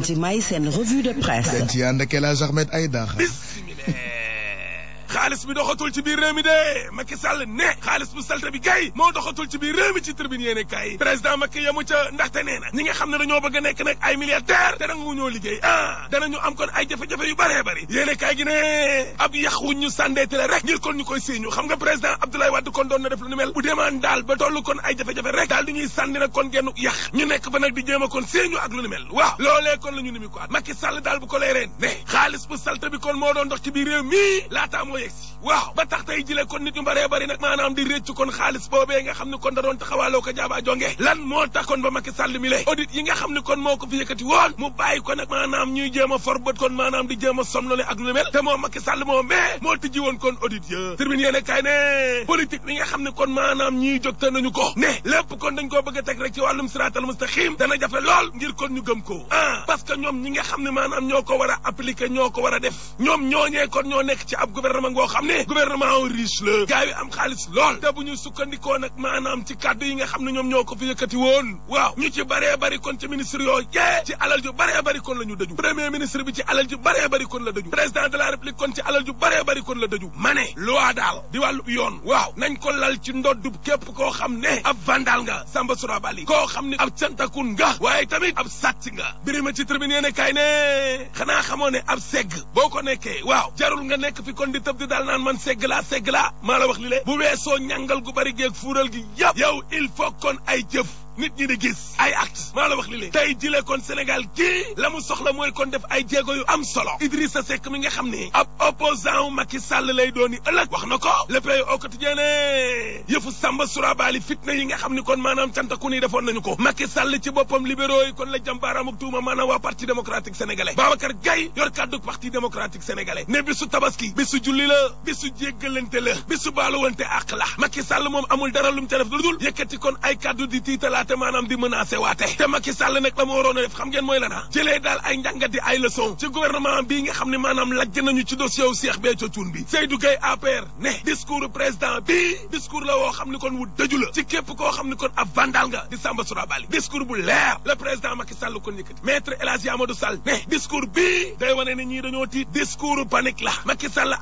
ci may seen revue de presse. dañ ci ànd ak El Hadj Ahmed Aïdara xaalis bi doxatul ci biir réew mi de Macky Sall ne xaalis bu salte bi kay moo doxatul ci biir réew mi ci tribune yéene kay président Macky yamu ca ndaxte nee na ñi nga xam ne dañoo bëgg a nekk nag ay milliardaire te dangu ñoo liggéey ah danañu am kon ay jafe-jafe yu bëree bëri yéene gi ne ab yax wuñ ñu sàndeete la rek ngir kon ñu koy siiñu xam nga président Abdoulaye Wade kon doon na def lu ni mel bu demaan daal ba tollu kon ay jafe-jafe rek daal di ñuy sànni nag kon genn ñu nekk fa nag di jéem a kon siiñu ak lu ni kon la ñu ni mi Sall daal bu ko leereen ne xaalis bu salte bi kon doon dox ci biir réew mi laataa moo waaw ba tax tey jile kon nit ñu baree bari nag maanaam di réccu kon xaalis boobee nga xam ne kon da doon taxawaaloo ko jaaba jonge lan moo tax kon ba Macky Sall mi lay audit yi nga xam ne kon moo ko fi yëkkati woon mu bàyyi ko nag maanaam ñuy jéem a kon maanaam di jéem a somnole ak lu mel te moo Macky Sall moo mais moo tijji woon kon audit ya tribune yéene kay ne politique bi nga xam ne kon maanaam ñiy jógte nañu ko ne lépp kon dañ koo bëgg teg rek ci wàllum siraatal mustaqim dana jafe lool kon ñu ko ah que ñoom ñi nga xam ne maanaam ñoo ko war a appliquer ñoo ko war a def ñoom ñooñee kon ñoo nekk ci ab gouvernement boo xam ne gouvernement riche la gars yi am xaalis lool te bu ñu sukkandikoo nag maanaam ci kàddu yi nga xam ne ñoom ñoo ko fi yëkkati woon waaw ñu ci baree bari kon ci ministre yooyu yee ci alal ju baree bari kon la dëju premier ministre bi ci alal ju baree bari kon la dëju président de la république kon ci alal ju baree bari kon la dëju ma ne loi daal di wàllu yoon waaw nañ ko lal ci ndoddub képp koo xam ne ab vandal nga Samba Surabali koo xam ne ab cantakun nga waaye tamit ab sàcc nga birima ci tribune ne kay ne xanaa segg boo ko nekkee waaw jarul nga nekk fi daal naan man segg laa maa la wax li le bu weesoo ñàngal gu bari géeg fuural gi yëpp yow il faut kon ay jëf nit ñi di gis ay acte maa la wax li leen tey jile kon Sénégal kii la mu soxla mooy kon def ay jéego yu am solo Idrissa Seck mi nga xam ni ab opposant wu Macky Sall lay doon ëllëg wax na ko le pays au quotidien yëfu Samba Surabali fitna yi nga xam ni kon maanaam cantaku ni defoon nañu ko Macky Sall ci boppam libéraux yi kon la jàmbaaraamuk tuuma maanaam waa parti démocratique sénégalais Babacar Gaye yor kàddu parti démocratique sénégalais ne bisu tabaski bisu julli la bisu jéggalante la bisu baaluwante Sall moom amul dara lu mu ca def kon ay kàddu di tiitalaat waate maanaam di a waate te Macky Sall nag la ma waroon a def xam ngeen mooy lana ah. jëlee daal ay njàngat di ay leçon ci gouvernement bii nga xam ne maanaam lajj nañu ci dossier wu Cheikh Béthio Thioune bi Seydou Gueye APR ne discours président bi discours la woo xam ni kon wu dëju la ci képp koo xam ni kon a vandal nga di Samba Sourabali discours bu leer le président Macky Sall kon yëkkati maître El Hadji Amadou Sall ne discours bii day wane ne ñii dañoo tiit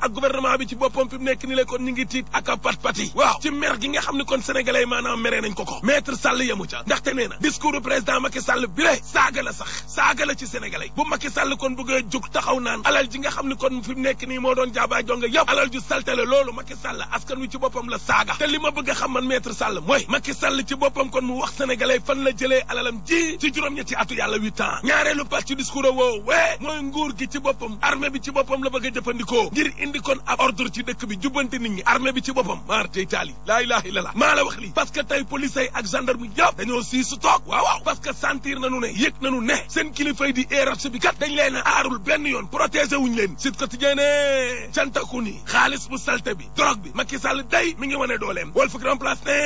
ak gouvernement bi ci boppam fi mu nekk ni la kon ngi tiit ak a pat pati waaw ci nga xam ni kon sénégalais maanaam meree nañ ko ko maître Sall yamu ca ndaxte nee na discours du président Macky Sall bi le saaga la sax saaga la ci sénégalais bu Macky Sall kon bëgg a jug taxaw naan alal ji nga xam ne kon fi mu nekk nii moo doon jaabaa jonga yëpp alal ju salte la loolu Macky Sall askan wi ci boppam la saaga te li ma bëgg a xam man maître Sall mooy Macky Sall ci boppam kon mu wax sénégalais fan la jëlee alalam ji ci juróom-ñetti atu yàlla huit ans ñaareelu pàcc ci discours woo wee mooy nguur gi ci boppam bi ci boppam la bëgg a jëfandikoo ngir indi kon ab ordre dëkk bi jubbanti nit ñi armée bi ci boppam maar tey taali laa que tey police ay ak dañoo sii su toog waaw waaw parce que sentir nañu ne yëg nañu ne seen kilifay di erreur bi kat dañ leen a aarul benn yoon protéger wuñ leen Sud Quotidien ne cantaku ni xaalis bu salte bi drogue bi Macky Sall day mi ngi wane dooleem Walf Grand Place ne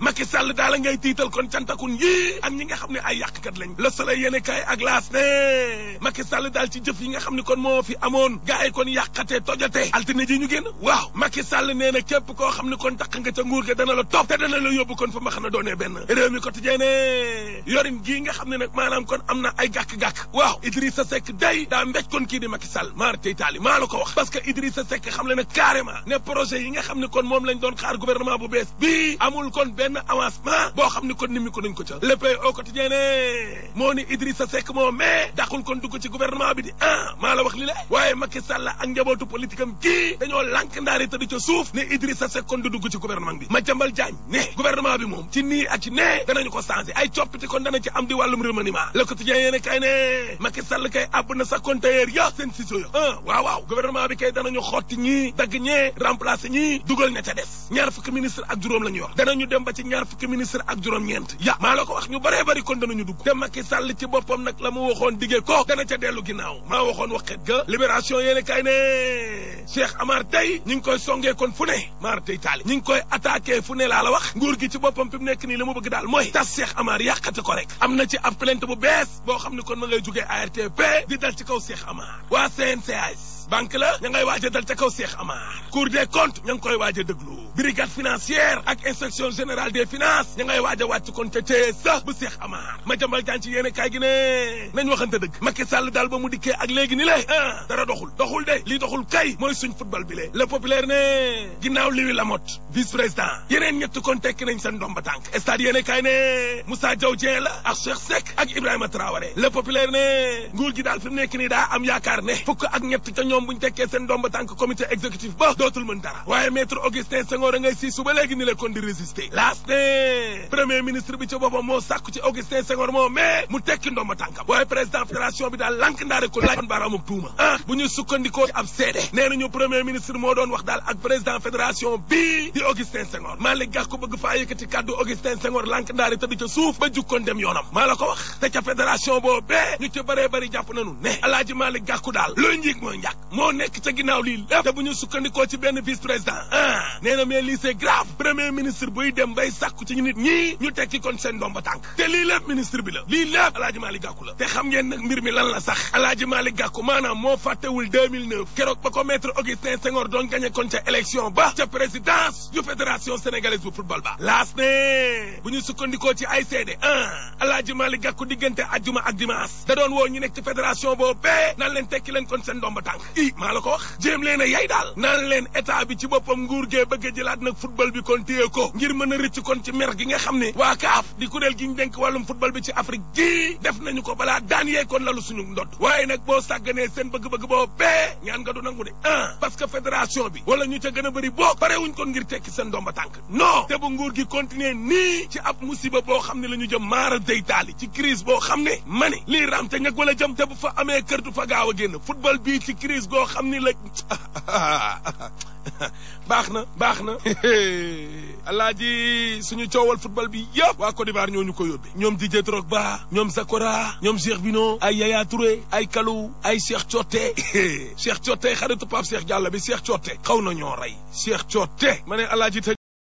Macky Sall daala ngay tiital kon cantakun yi ak ñi nga xam ne ay yàqkat lañ Le Soleil yéene kaay ak laas ne Macky daal ci jëf yi nga xam ne kon moo fi amoon gars yi kon yàqatee tojatee altine ji ñu génn waaw Macky koo xam ne kon ga dana la topp te ne doonee benn réew mi Quotidien ne yorin gii nga xam ne nag maanaam kon am na ay gàkk-gàkk waaw Idrissa Seck day daa mbéj kon kii di Macky Sall maar tey taali maa la ko wax parce que Idrissa Seck xam le ne carrément ne projet yi nga xam ne kon moom lañ doon xaar gouvernement bu bees bii amul kon benn avancement boo xam ne kon ni mi ko nañ ko ca Le Pays au Quotidien ne moo ni Idrissa Seck moo mais dàqul kon dugg ci gouvernement bi di ah maa la wax li la waaye Macky Sall ak njabootu politique am kii dañoo lànk ndaari tëdd ca kon du dugg ci gouvernement bi Madiambal Diagne ne gouvernement bi moom ci nii ak ñu ko changé ay coppite kon dana ci am di wàllum remaniement le quotidien yéen kay ne Macky Sall kay àbb na sa conteneur ya seen ciseaux ya ah bi kay danañu xotti ñii dagg ñee remplacé ñii dugal ña ca des ñaar fukki ministre ak juróom la ñu yor danañu dem ba ci ñaar fukki ministre ak juróom-ñeent ya maa la ko wax ñu bëree bëri kon danañu dugg te Macky Sall ci boppam nag la mu waxoon diggee ko dana ca dellu ginnaaw maa waxoon waxet ga libération yéen kay ne Cheikh Amar tey ñu ngi koy songee kon fu ne maar tey ñu ngi koy attaqué fu ne laa wax nguur gi ci boppam fi mu nekk nii la mu bëgg daal mooy tas Cheikh Amar yàqati ko rek am na ci ab plainte bu bees boo xam ne kon ma ngay jógee ARTP di dal ci kaw Cheikh Amar waa CNCH banque la ña ngay a dal ca kaw Cheikh Amar cour des comptes ña ngi koy waaj a déglu brigade financière ak inspection générale des finances ña ngay waaj a kon ca sa bu Cheikh Amar ma jambal jaan ci yéene kaay gi ne nañ waxante dëgg Macky Sall daal ba mu dikkee ak léegi ni le ah dara doxul doxul de lii doxul kay mooy suñ football bi le le populaire ne ginnaaw Louis Lamotte vice président yeneen ñett kon tekki nañ seen ndomba tànk stade yéene kaay ne Moussa Diaw Dieng la ak Cheikh Seck ak Ibrahima Traoré le populaire ne nguur gi daal fi mu nekk nii daa am yaakaar ne fukk ak ñett ñoom bu ñu tekkee seen ndomba tànk comité exécutif ba a ngay si suba léegi ni la kon di résister laas premier ministre bi moo sàkku ci Augustin Senghor moo mais mu tekki ndomba tànkam waaye président fédération bi daal lank ndaare ko laajoon baaraamu ah bu ñu sukkandikoo ab seede nee nañu premier ministre moo doon wax daal ak président fédération bii di Augustin Senghor Malick Gakou bëgg faa yëkkati kàddu Augustin Senghor lank ndaare tëdd ca suuf ba jukkoon dem yoonam maa la ko wax te ca fédération boobee ñu ci bëree bëri na nañu ne alaaji Malick Gakou daal looy njiig mooy njàkk moo nekk ca ginnaaw lii lépp te bu ñu sukkandikoo ci benn vice président ah nee na mais premier ministre buy dem bay sàkku ci nit ñii ñu tekki kon seen ndomba tànk te lii lépp ministre bi la lii lépp alaaji Malick Gakou la te xam ngeen nag mbir mi lan la sax alaaji Malick Gakou maanaam moo fàttewul 2009 keroog ba ko maître Augustin Senghor doon gagné kon ca élection ba ca présidence yu fédération sénégalaise bu football ba laas bu ñu sukkandikoo ci ay seede ah alaaji Malick Gakou diggante ajjuma ak dimanche da doon woo ñu nekk ci fédération boobu bee leen tekki leen kon seen ndomba tànk lii maa la ko wax jéem leen a yay daal naan leen état bi ci boppam nguur gee bëgg a jëlaat nag football bi kon téye ko ngir mën a rëcc kon ci mer gi nga xam ne waa kaaf di kuréel gi ñu denk wàllum football bi ci Afrique gii def nañu ko balaa daan yee kon lalu suñu ndodd waaye nag boo sàgganee seen bëgg-bëgg boo bee ñaan nga de un parce que bi wala ñu ca gën a bëri boo parewuñ kon ngir tekki seen domba tànk non te bu nguur gi continuer nii ci ab musiba boo a gis goo xam ni la baax na baax na alaaji suñu coowal football bi yëpp waa Côte d'Ivoire ñoo ñu ko yóbbee ñoom Didier Drogba ñoom Zakora ñoom bi Bino ay Yaya Touré ay Kalou ay Cheikh Cioté Cheikh Cioté xaritu Pape seex jàll bi Cheikh Cioté xaw na ñoo rey Cheikh Cioté ma ne alaaji